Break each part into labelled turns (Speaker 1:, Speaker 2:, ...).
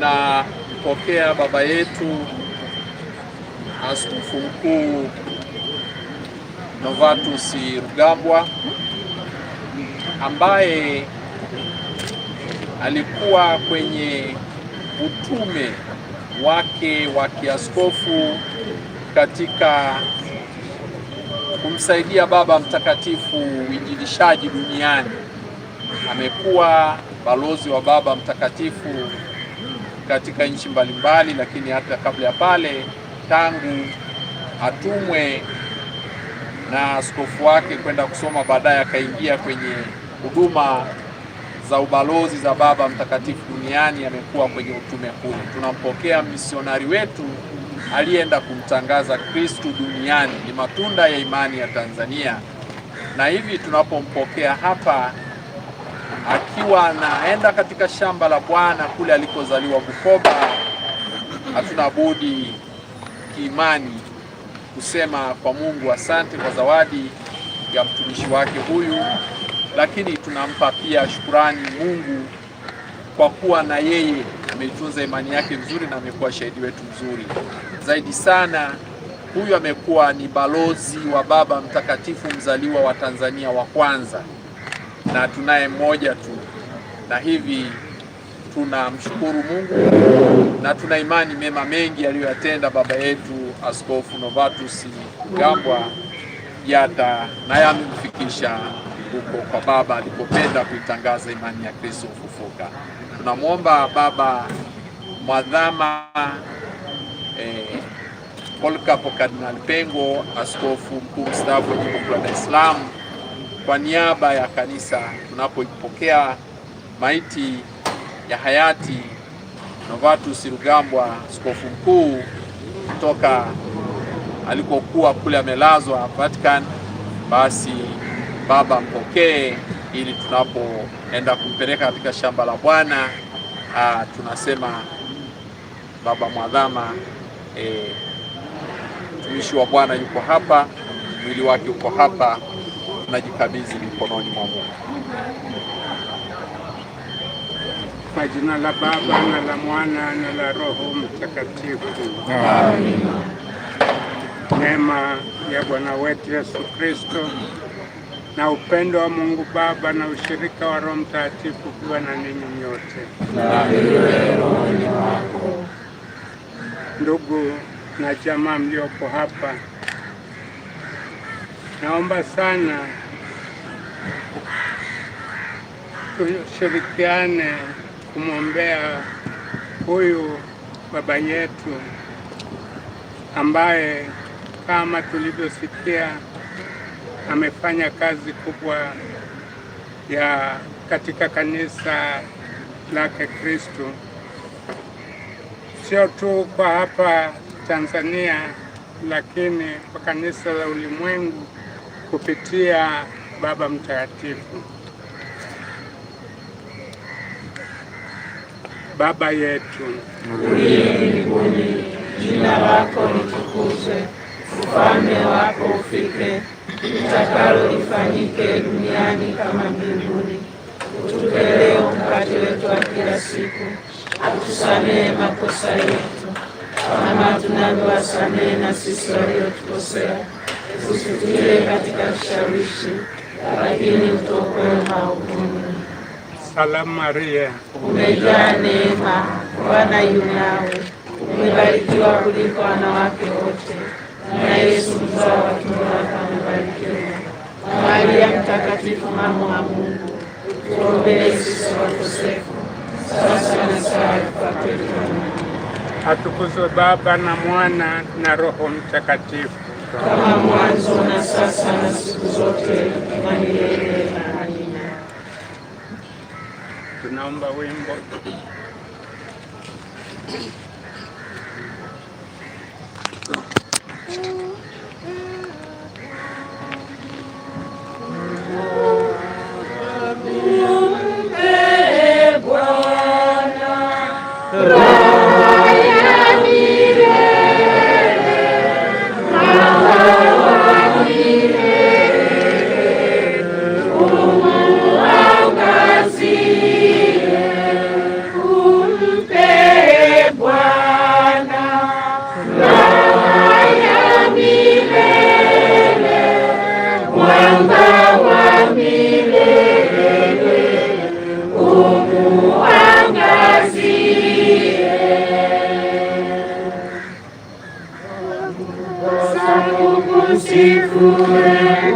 Speaker 1: tunampokea baba yetu Askofu Mkuu Novatus Rugambwa ambaye alikuwa kwenye utume wake wa kiaskofu katika kumsaidia Baba Mtakatifu uinjilishaji duniani. Amekuwa balozi wa Baba Mtakatifu katika nchi mbalimbali, lakini hata kabla ya pale, tangu atumwe na askofu wake kwenda kusoma, baadaye akaingia kwenye huduma za ubalozi za Baba Mtakatifu duniani, amekuwa kwenye utume kule. Tunampokea misionari wetu aliyeenda kumtangaza Kristu duniani. Ni matunda ya imani ya Tanzania, na hivi tunapompokea hapa akiwa anaenda katika shamba la Bwana kule alikozaliwa Bukoba, hatuna budi kiimani kusema kwa Mungu asante kwa zawadi ya mtumishi wake huyu, lakini tunampa pia shukurani Mungu kwa kuwa na yeye ameitunza imani yake nzuri na amekuwa shahidi wetu mzuri zaidi sana. Huyu amekuwa ni balozi wa Baba Mtakatifu mzaliwa wa Tanzania wa kwanza na tunaye mmoja tu, na hivi tunamshukuru Mungu na tuna imani mema mengi aliyoyatenda baba yetu Askofu Novatus Rugambwa yata na yamemfikisha huko kwa Baba alipopenda kuitangaza imani ya Kristo kufufuka. Tunamwomba Baba Mwadhama eh, Polkapo Kardinali Pengo, askofu mkuu mstaafu wa jimbo la Dar es Salaam kwa niaba ya kanisa tunapoipokea maiti ya hayati Novatus Rugambwa askofu mkuu kutoka alikokuwa kule amelazwa Vatican, basi Baba mpokee, ili tunapoenda kumpeleka katika shamba la Bwana ah, tunasema Baba mwadhama e, mtumishi wa Bwana yuko hapa, mwili wake uko hapa tunajikabidhi mikononi mwa Mungu.
Speaker 2: Kwa jina la Baba na la Mwana na la Roho Mtakatifu,
Speaker 3: amen.
Speaker 2: Neema ya Bwana wetu Yesu Kristo na upendo wa Mungu Baba na ushirika wa Roho Mtakatifu kuwa na ninyi nyote. Ndugu na jamaa mlioko hapa naomba sana tushirikiane kumwombea huyu baba yetu ambaye kama tulivyosikia amefanya kazi kubwa ya katika kanisa lake kristu sio tu kwa hapa Tanzania, lakini kwa kanisa la ulimwengu kupitia Baba Mtakatifu. Baba yetu
Speaker 4: uliye mbinguni, jina lako litukuzwe, ufalme wako ufike, utakalo lifanyike duniani kama mbinguni. Utupe leo mkate wetu wa kila siku, atusamehe makosa yetu kama tunavyowasamehe na sisi waliotukosea usitutie katika ushawishi, lakini utuokoe na
Speaker 2: Salamu Maria,
Speaker 4: umejaa neema, Bwana yu nawe, umebarikiwa kuliko wanawake wote, na Yesu mzao wa tumbo lako amebarikiwa. Maria Mtakatifu, mama wa Mungu, tuombee sisi wakosefu, sasa na saa ya kufa kwetu.
Speaker 2: Atukuzwe Baba na Mwana na Roho Mtakatifu
Speaker 4: kama mwanzo na sasa na siku zote na milele. Amina.
Speaker 1: Tunaomba wimbo
Speaker 2: Mungu angazie.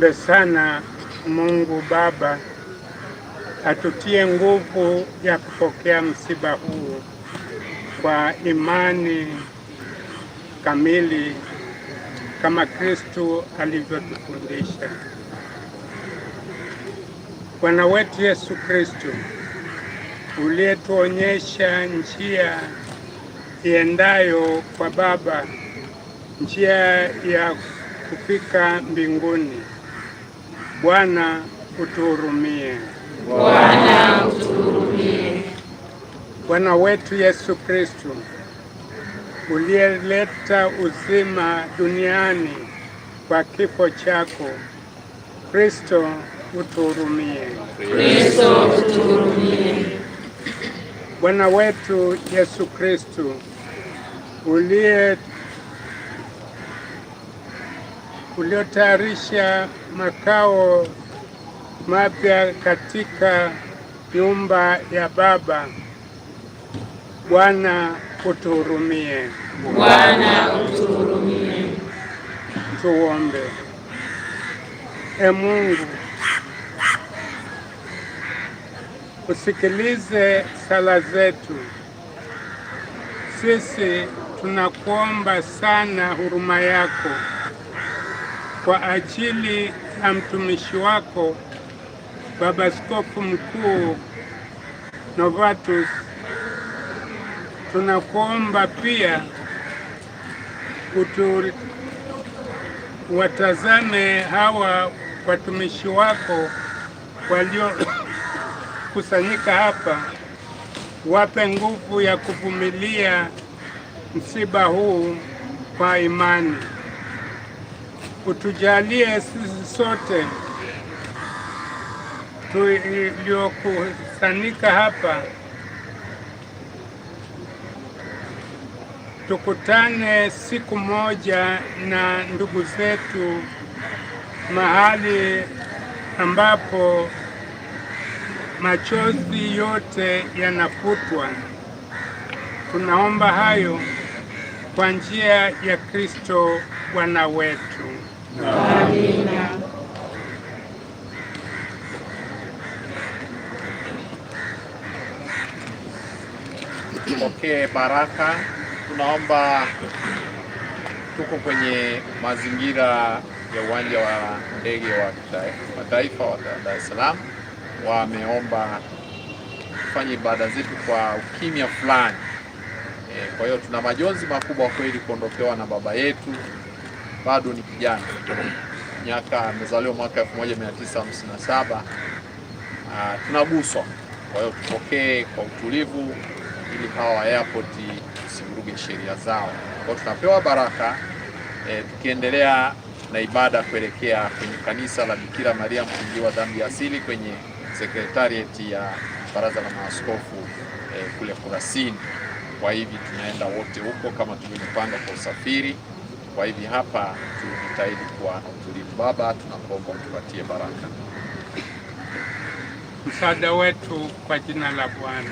Speaker 2: Tuombe sana Mungu Baba atutie nguvu ya kupokea msiba huu kwa imani kamili kama Kristo alivyotufundisha. Bwana wetu Yesu Kristo, uliyetuonyesha njia iendayo kwa Baba, njia ya kufika mbinguni, Bwana utuhurumie.
Speaker 3: Bwana utuhurumie.
Speaker 2: Bwana wetu Yesu Kristo uliyeleta uzima duniani kwa kifo chako, Kristo utuhurumie.
Speaker 3: Kristo utuhurumie.
Speaker 2: Bwana wetu Yesu Kristo uliotayarisha makao mapya katika nyumba ya Baba. Bwana utuhurumie.
Speaker 3: Bwana utuhurumie.
Speaker 2: Tuombe. E Mungu, usikilize sala zetu. Sisi tunakuomba sana huruma yako kwa ajili ya mtumishi wako Baba Askofu Mkuu Novatus, tunakuomba pia utu watazame hawa watumishi wako waliokusanyika hapa, wape nguvu ya kuvumilia msiba huu kwa imani kutujalie sisi sote tuliokusanyika hapa tukutane siku moja na ndugu zetu mahali ambapo machozi yote yanafutwa. Tunaomba hayo kwa njia ya Kristo Bwana wetu.
Speaker 3: Amina.
Speaker 1: baraka. Tunaomba tuko kwenye mazingira ya uwanja wa ndege wa kimataifa wa Dar es Salaam. Wameomba tufanye ibada zetu kwa ukimya fulani. E, kwa hiyo tuna majonzi makubwa kweli kuondokewa na baba yetu bado ni kijana, miaka amezaliwa mwaka 1957. Ah, tunaguswa, kwa hiyo tupokee kwa utulivu, ili hawa airport usivuruge sheria zao. Kwa tunapewa baraka e, tukiendelea na ibada kuelekea kwenye kanisa la Bikira Maria mfungiwa dhambi asili kwenye sekretarieti ya baraza la maaskofu e, kule Kurasini. Kwa hivi tunaenda wote huko kama tulivyopanga kwa usafiri. Kwa hivi hapa tujitahidi kuwa na utulivu. Baba, tunakuomba utupatie baraka
Speaker 2: msaada wetu kwa jina la Bwana.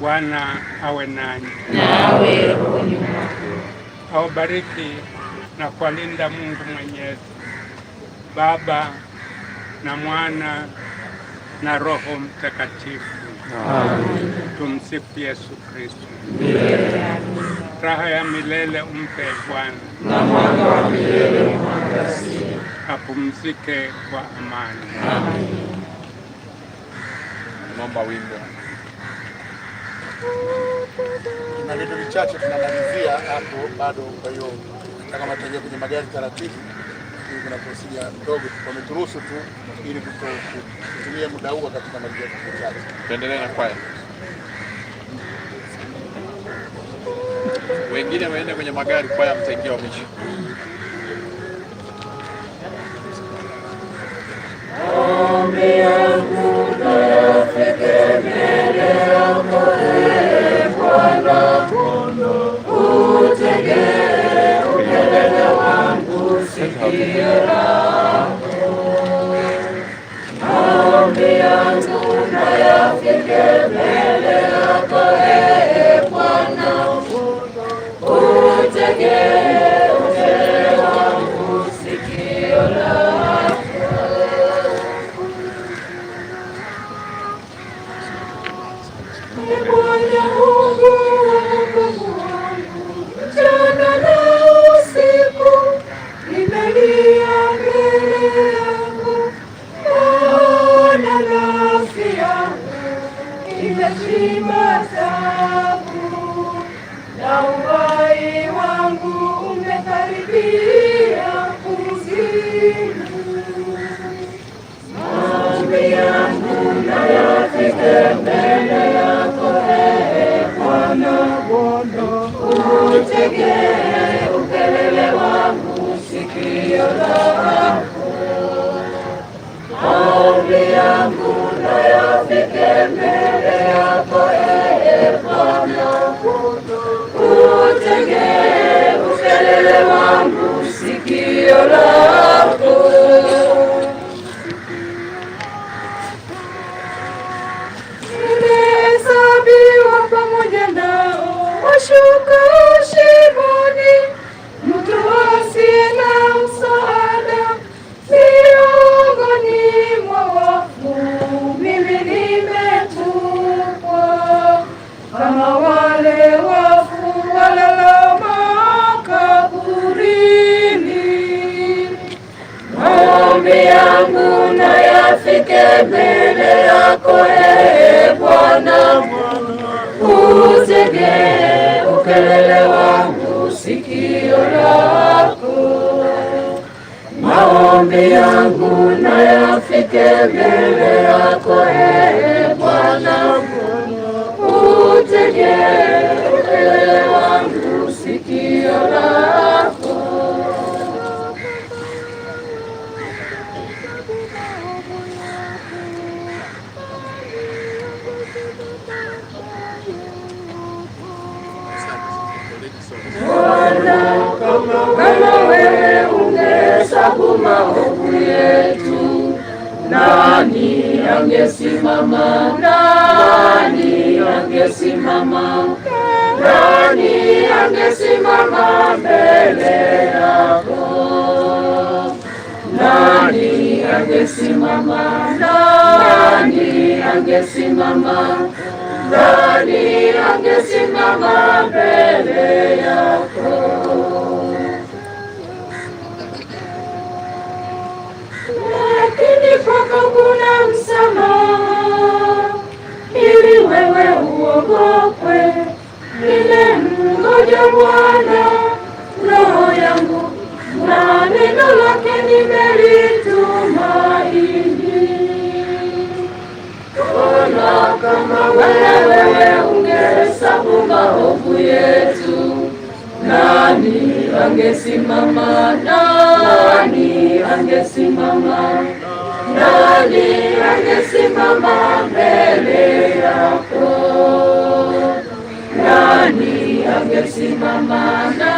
Speaker 2: Bwana awe nanyi, awabariki na kuwalinda Mungu Mwenyezi, Baba na Mwana na Roho Mtakatifu. Tumsifu Yesu Kristo raha ya milele umpe Bwana,
Speaker 3: na mwanga wa milele mwangazie,
Speaker 2: apumzike kwa amani.
Speaker 3: Amen.
Speaker 1: Naomba wimbo na vitu vichache tunamalizia hapo bado. Kwa hiyo kama tunaingia kwenye magari taratibu, kuna prosia ndogo wameturuhusu tu, ili kutumia muda huo katika malizia vitu vichache. Tuendelee na kwaya. wengine waende kwenye magari kwaya mtaingia ubishi. Utege
Speaker 5: nimeshima sabu na uhai wangu umekaribia kuzimu. Maombi yangu na yafike mbele yako, ee Bwana, utegee ukelele wangu, sikio lako. Maombi yangu na yafike mbele nifike mbele yako ee Bwana, utege ukelele wangu, sikio lako. Maombi yangu na yafike mbele yako ee Bwana, utege ukelele wangu Nani angesimama? Nani angesimama mbele yako? Lakini kwako kuna msamaha, ili wewe uogopwe. Nimemngoja Bwana roho yangu, na neno lake nimelituma kama wewe ungehesabu maovu yetu, nani angesimama? Nani angesimama? Nani angesimama mbele yako? Nani angesimama?